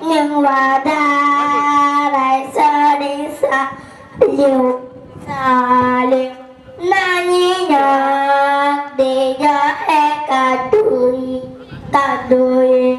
nhưng mà ta lại sa đi xa liều xa liều na nhí nhạc để cho e cả tuổi cả tuổi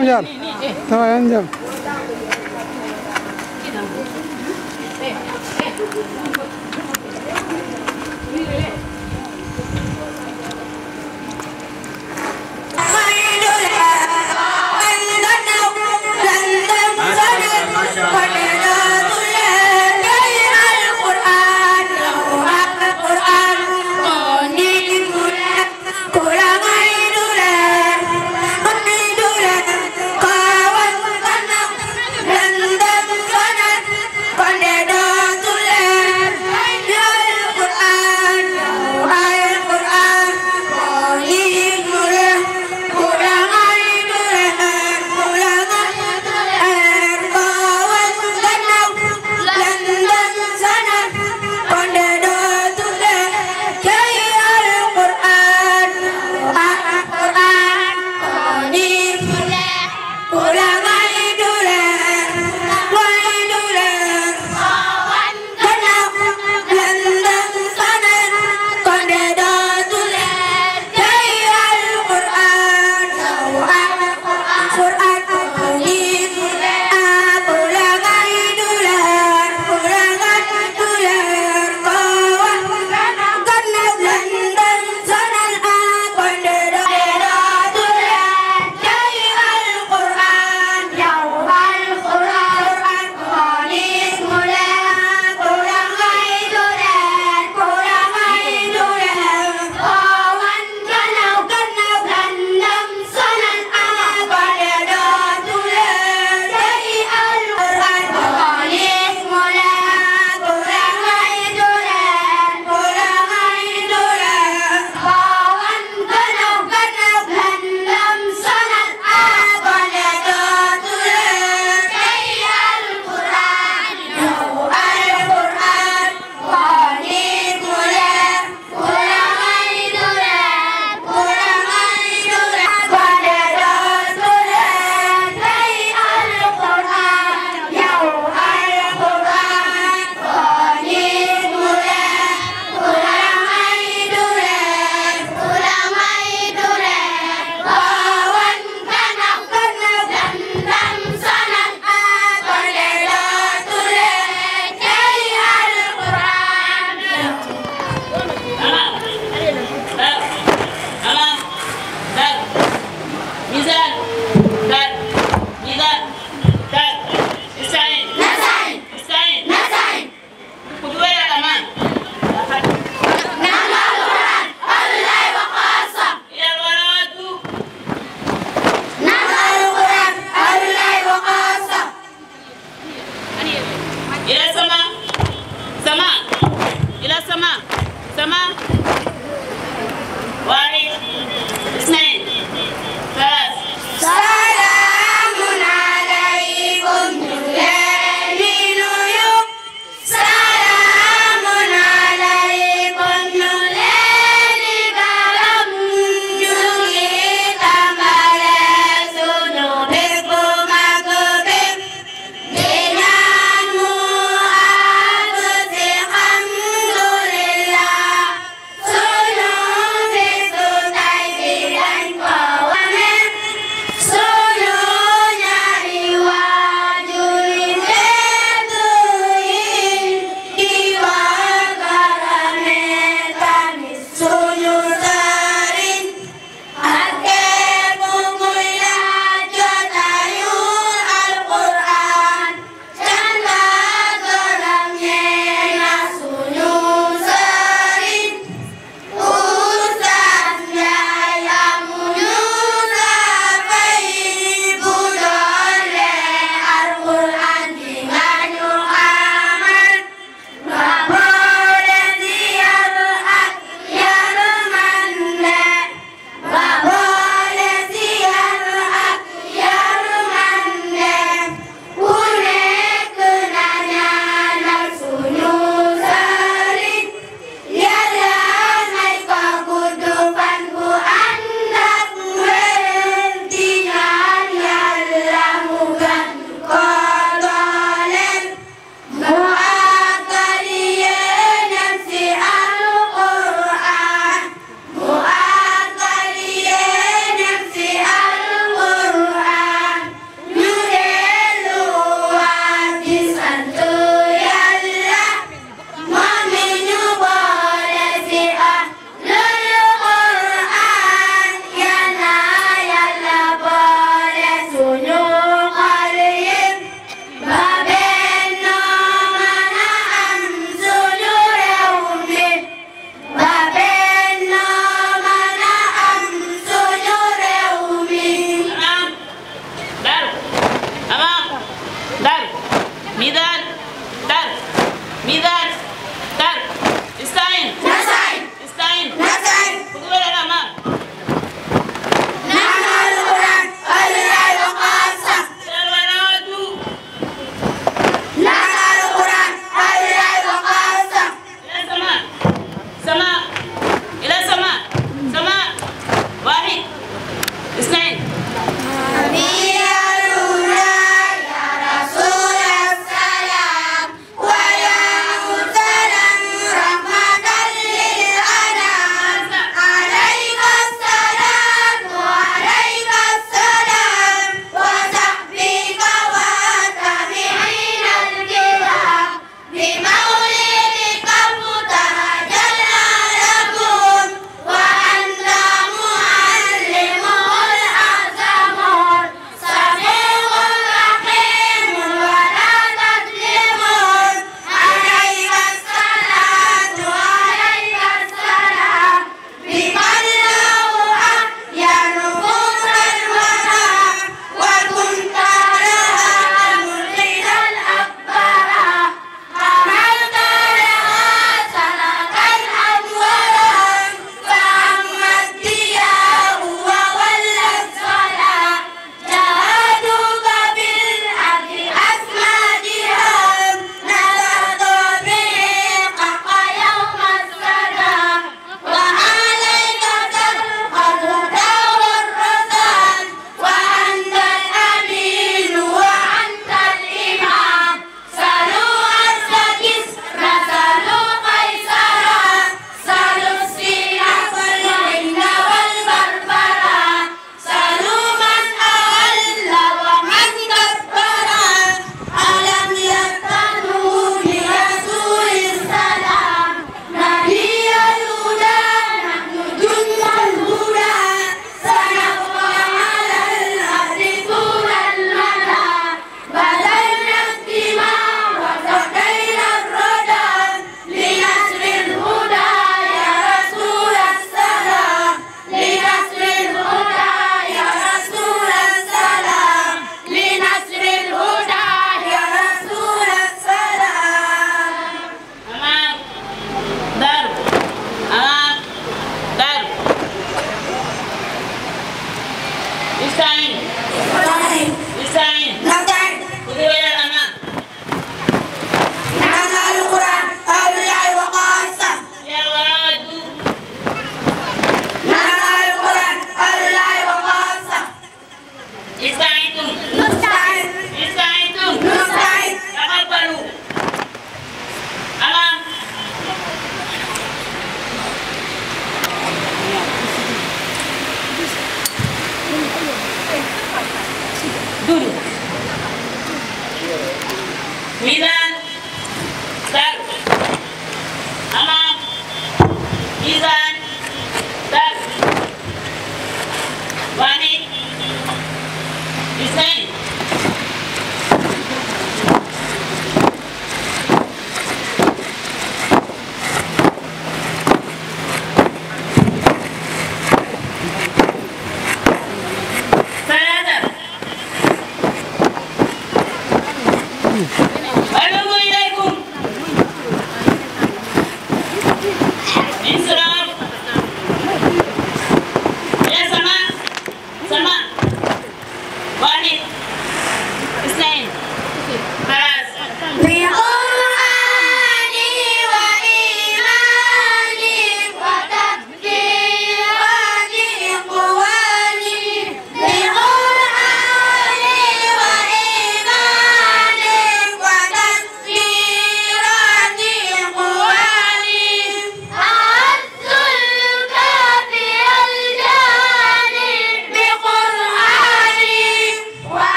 không nhận thôi anh nhận Thank you.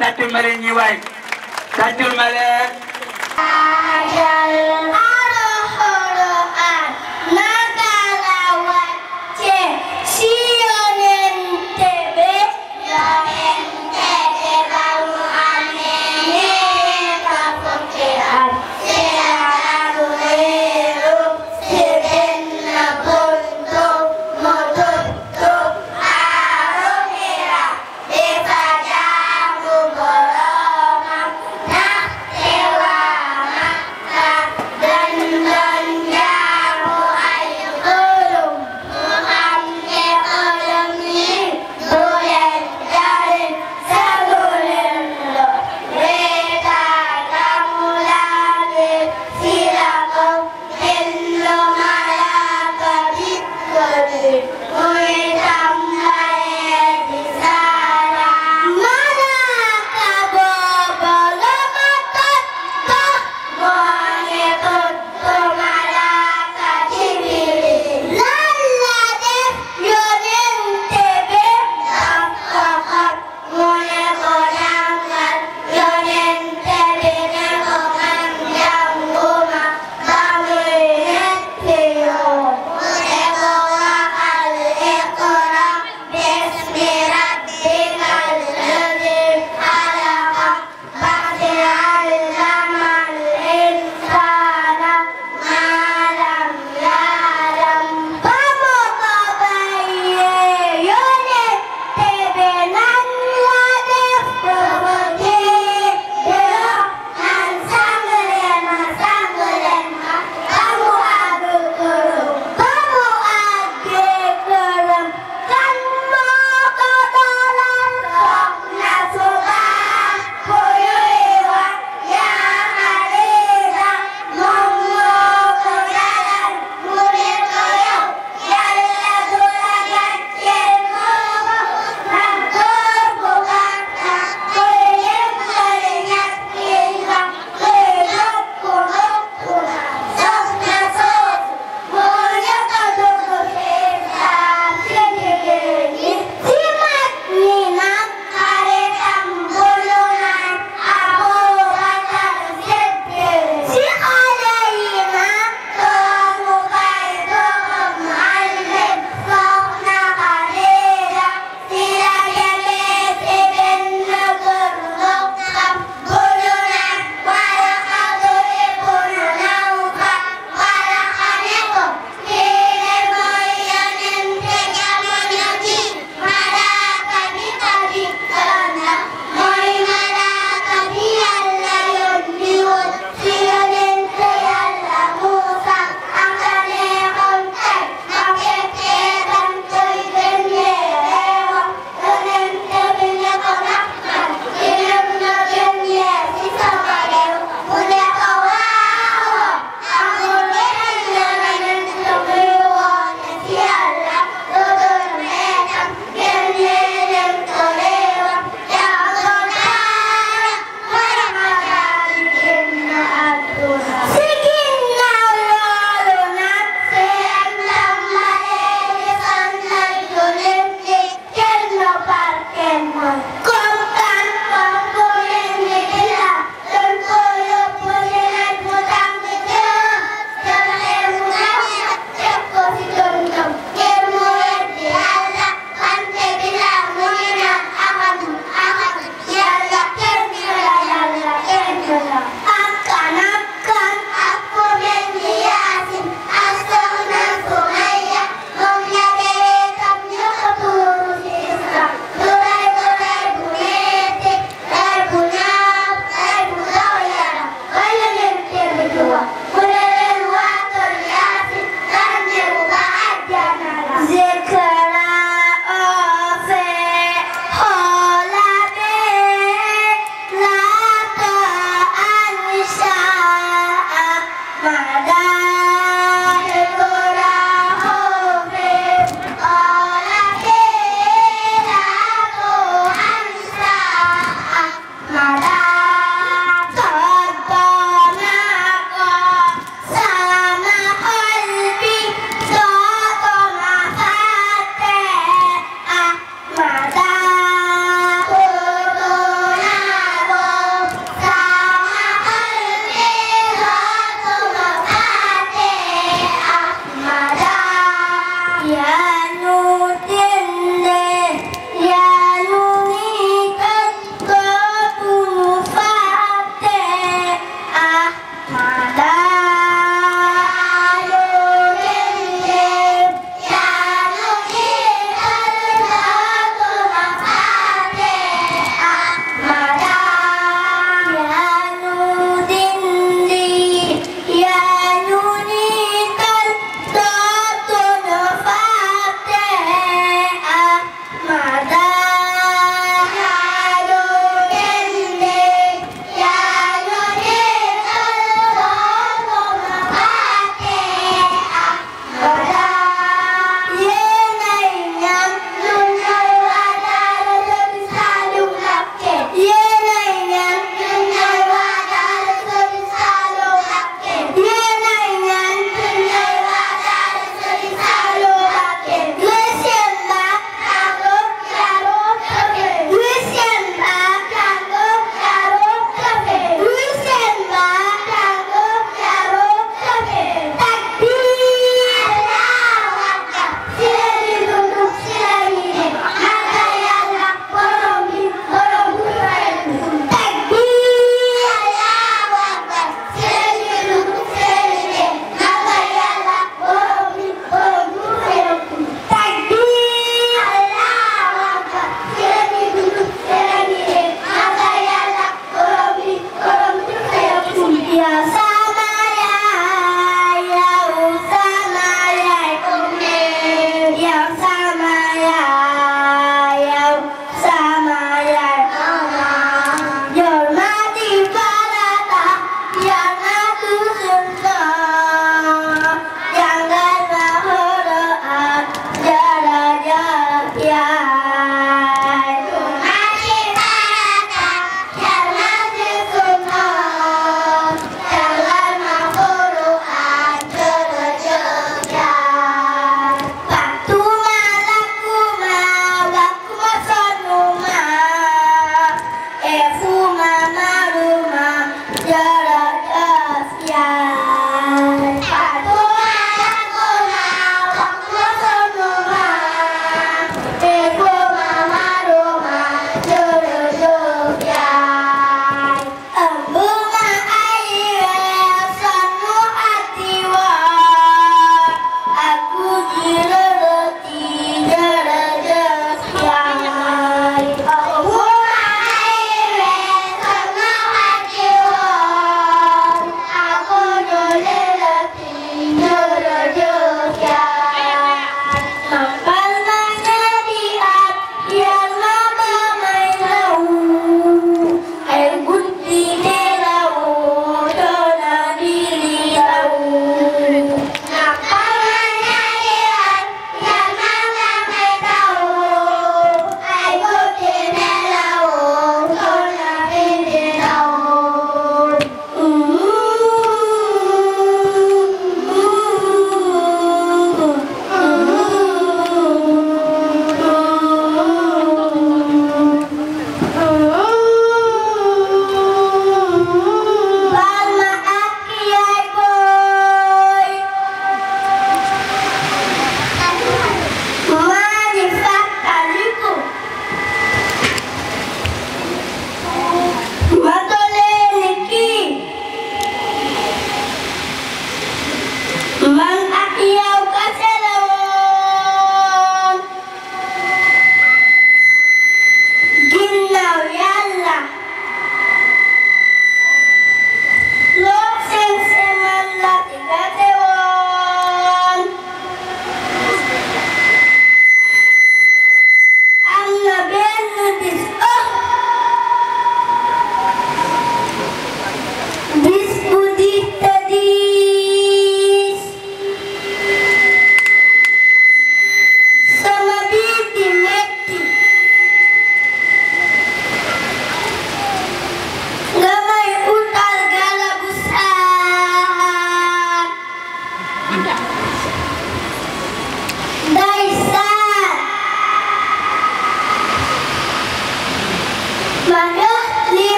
tàccul ma leen ñi waay tàccul ma leen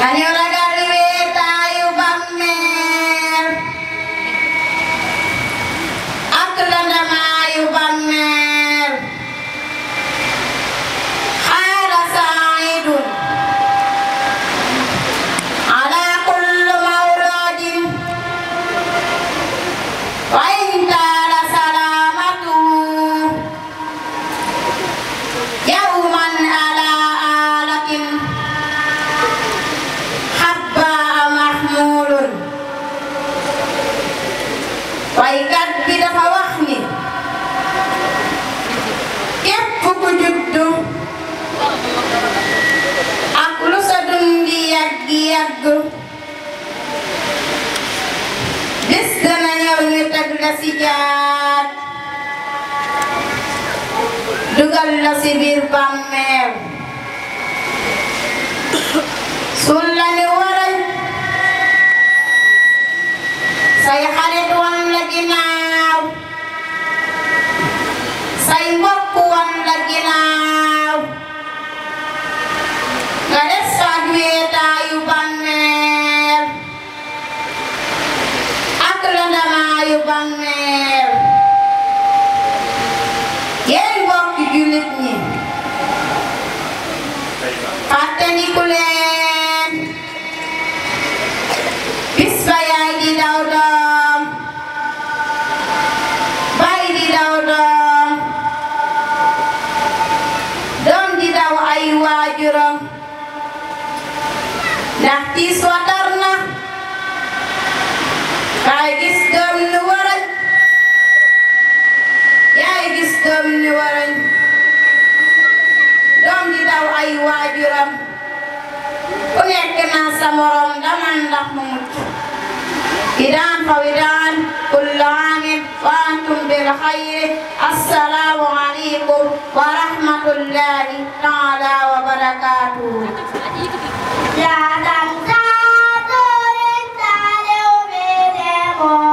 何をなが Dugal na si na daman ndax mu idan fawidan kullu amin wa antum bil khayr assalamu alaykum wa rahmatullahi ta'ala wa barakatuh ya dan ta to ta le o be de mo